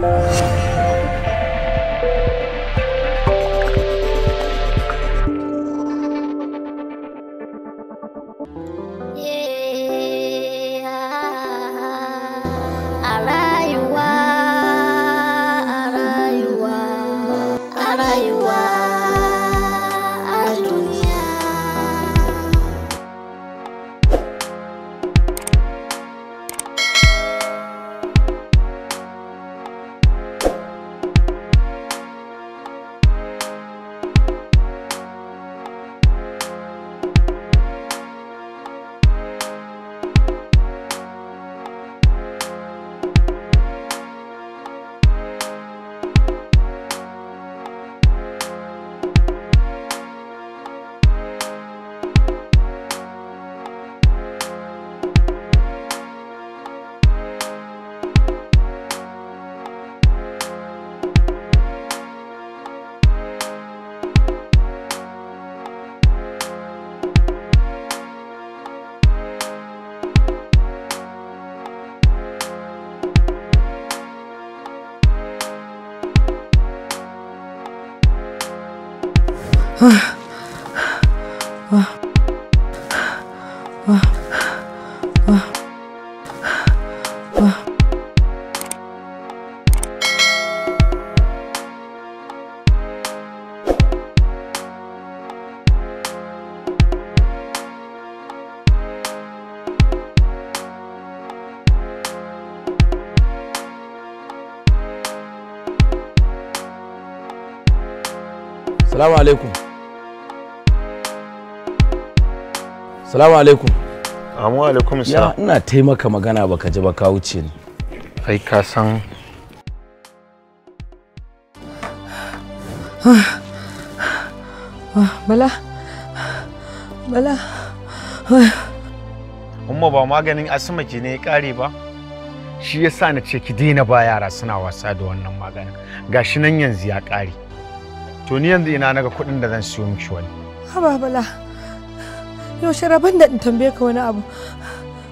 Música 啊啊啊啊啊！salamu alaikum amu alaikum sa ina taimaka magana baka ji ba ka wuce ni ai ka san bala bala umma ba maganin asma ki ne kare ba shi yasa na ce ki daina ba yara suna wasa da wannan maganin gashi nan yanzu ya kare to ni yanzu ina naga kuɗin da zan siyo miki wani bala yaushe rabon da in tambaye ka wani abu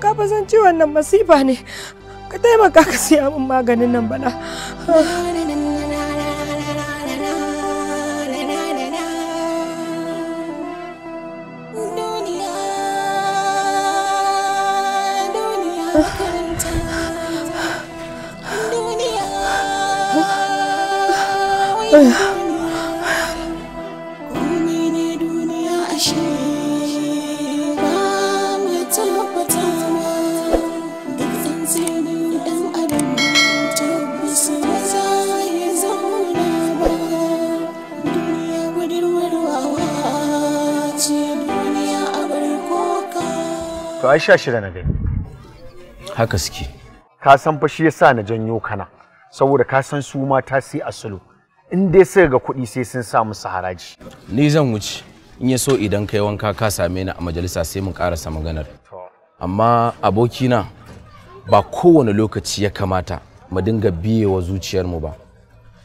ka fa san ci wannan masifa ne ka taimaka ka siya min maganin nan bana Oh, ai sha shida na gani haka suke ka san fa shi yasa na janyo kana saboda ka san su mata sai asulu in dai sai ga kuɗi sai sun sa musu haraji ni zan wuce in ya so idan kai wanka ka same ni a majalisa sai mu karasa maganar amma abokina ba kowane lokaci ya kamata mu dinga biye wa zuciyarmu ba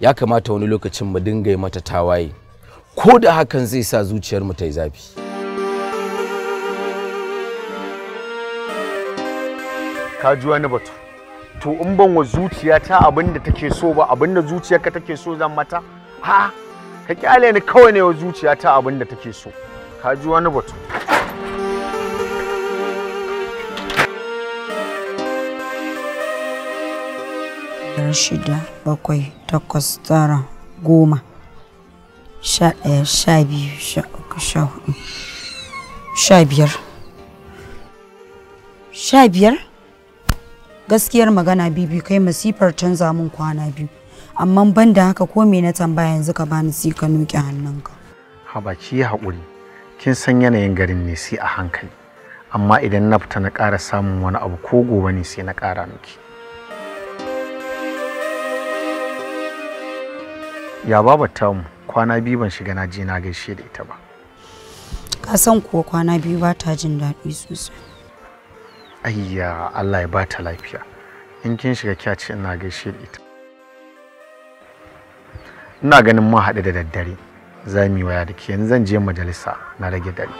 ya kamata wani lokacin mu dinga yi mata tawaye ko da hakan zai sa zuciyarmu ta yi zafi ka ji wani batu to in ban wa zuciya ta abin da take so ba abin da ka take so zan mata ha ka kyale ni kawai ne wa zuciya ta abin da take so ka ji wani batu shida bakwai takwas tara goma sha ɗaya sha biyu sha uku sha hudu sha biyar sha biyar gaskiyar magana bibi kai masifar canza mun kwana biyu amma ban da haka ko me na tambaya yanzu ka bani sai ka nuke hannunka ba hakuri hakuri kin san yanayin garin ne sai a hankali amma idan na fita na ƙara samun wani abu ko gobe ne sai na ƙara miki ya baba tamu kwana biyu ban shiga na je na gaishe da ita ba ka san kuwa kwana biyu ba ta jin daɗi sosai ayya Allah ya ba ta lafiya in kin shiga kya ce ina gaishe da ita ina ganin mun haɗe da daddare za mu yi waya da ke yanzu zan je majalisa na rage dare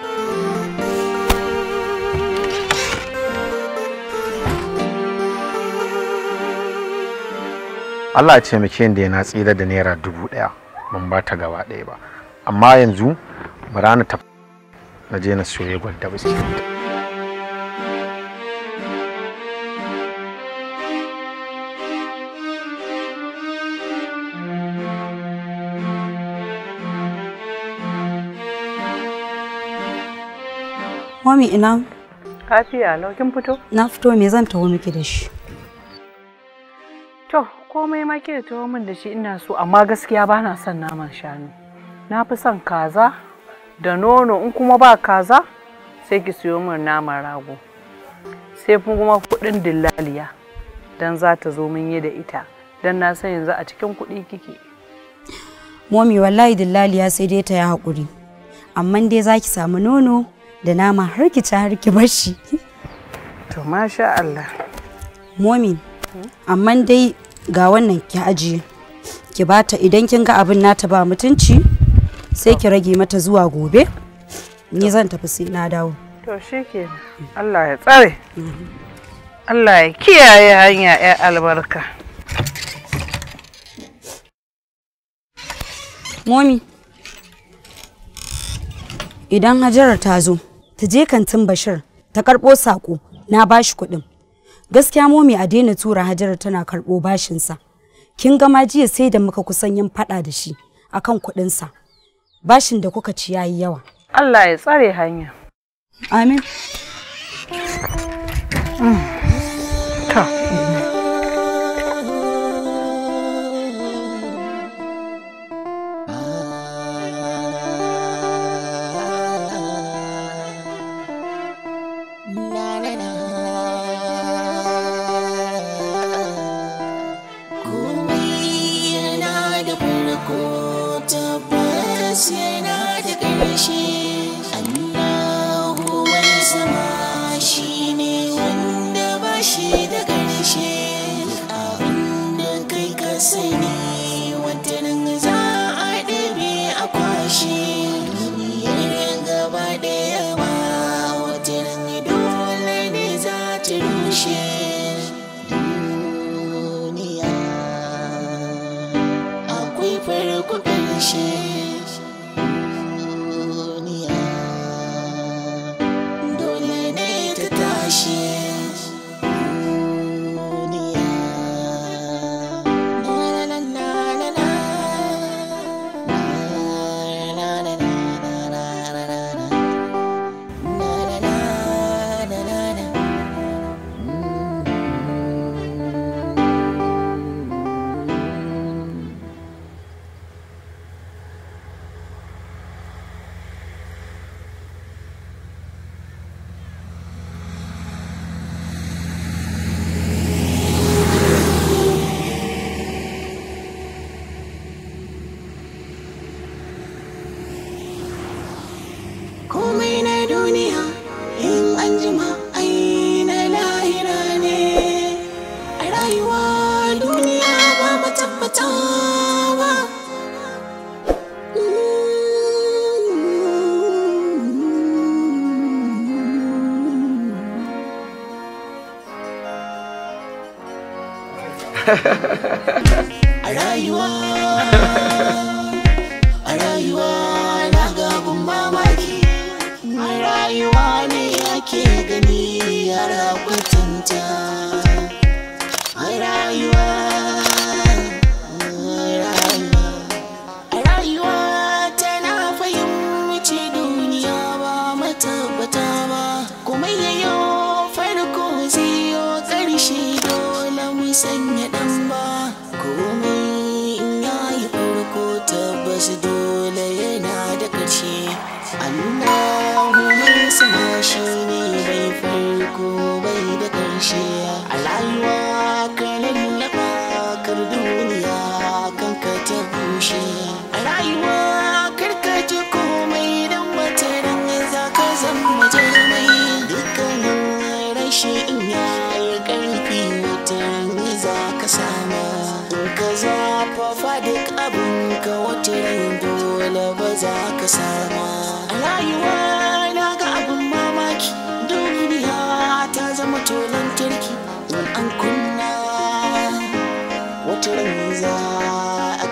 Allah ya taimake da ya na tsira da naira dubu ɗaya ban ba ta gaba ɗaya ba amma yanzu bara rana ta na je na soye gwal da biskit Mami ina? Lafiya lau kin fito? Na fito me zan taho miki da shi? To, komai ma ki da taho min da shi ina so amma gaskiya ba na son naman shanu. Na fi son kaza da nono in kuma ba kaza sai ki siyo min naman rago. Sai kuma kuɗin dillaliya dan za ta zo min yi da ita. Dan na san yanzu a cikin kuɗi kike. Momi wallahi dillaliya sai dai ta yi haƙuri. Amma dai za ki samu nono da nama har ki ci har ki bashi to masha Allah momin amma dai ga wannan ki ajiye ki bata idan kin ga abin nata ba mutunci sai ki rage mata zuwa gobe ni zan tafi sai na dawo to shike Allah ya tsare Allah ya kiyaye hanya ya albarka momi idan hajara ta zo ta je kantin Bashir ta karɓo saƙo na bashi kuɗin. Gaskiya momi a daina tura Hajara tana karɓo sa Kin ga ma jiya sai da muka kusan yin faɗa da shi akan sa Bashin da kuka ci yayi yawa. Allah ya tsare hanya. Amin. Mm. Arayuwa, rayuwa a na gabin mamaki a ne ake gani yara kwatanta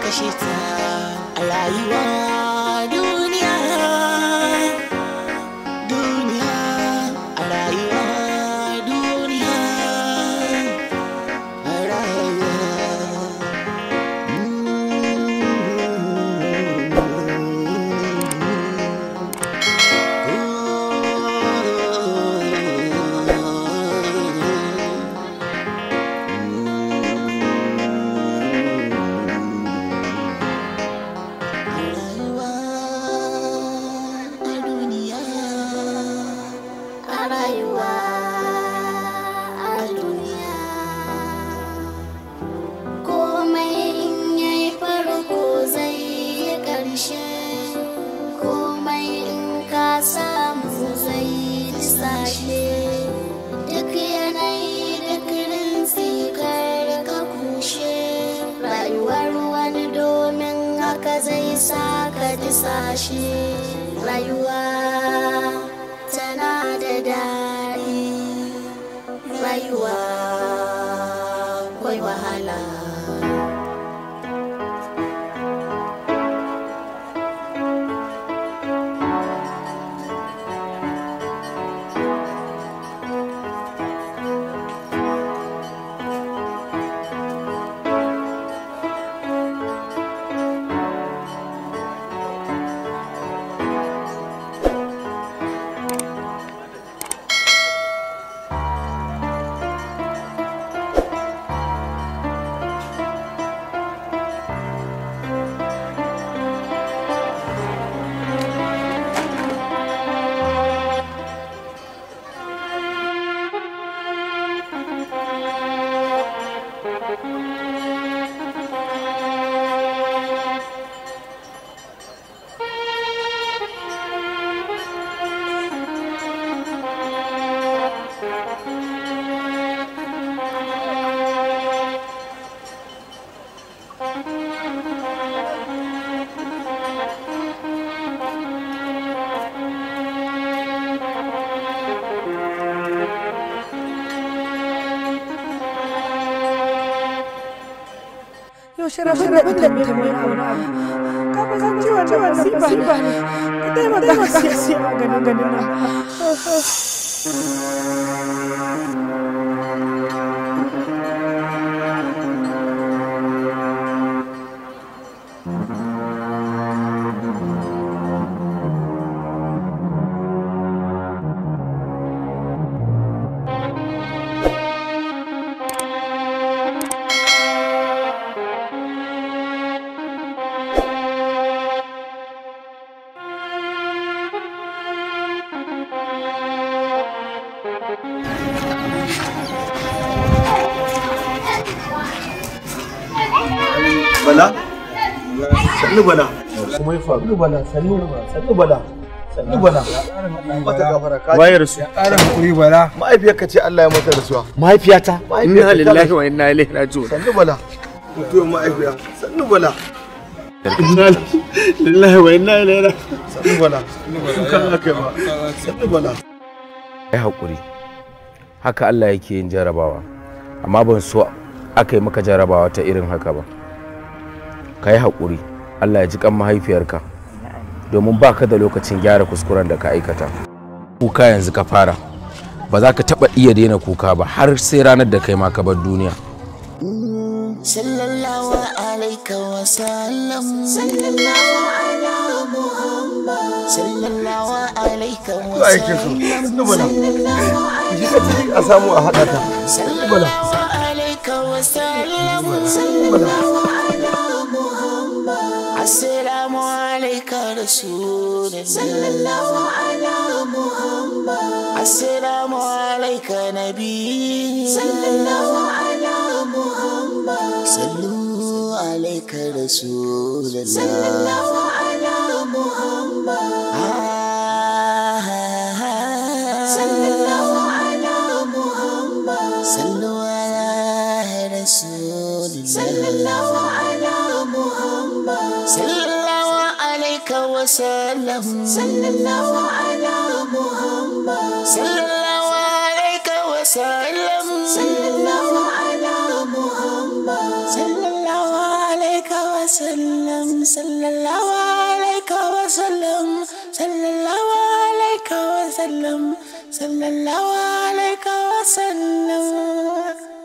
kashe ta a zai sa ka tisa shi rayuwa Thank you. Será será betul betul mana? Kau pesan jiwa jiwa nasiban. Kita emang dah sia sia agan agan ini. bala kuma ya faru bala bala bala mata su ya ƙara bala ce Allah ya mata mahaifiyata inna lillahi wa inna ilaihi raji'un sannu bala mutuwar mahaifiya sannu bala inna lillahi wa inna ilaihi raji'un sannu bala kan aka sannu bala hakuri haka Allah yake yin jarabawa amma ban so aka yi maka jarabawa ta irin haka ba ka yi haƙuri Allah ya ji kan mahaifiyarka domin ba ka da lokacin gyara kuskuren da ka aikata kuka yanzu ka fara ba za ka taba iya daina kuka ba har sai ranar da kai ma ka bar duniya sallallahu alaika wa sallam sallallahu ala sallam. sallallahu alaika wa sallam a samu a sallallahu alaika wa sallam Assalamu alaika Rasulullah Sallallahu ala Muhammad Assalamu alaika Nabi Sallallahu ala Muhammad Sallu alaika Rasulullah Sallallahu ala Muhammad عليك وسلم صلى الله على محمد صلى الله عليك وسلم صلى الله على محمد صلى الله عليك وسلم صلى الله عليك وسلم صلى الله عليك وسلم صلى الله عليك وسلم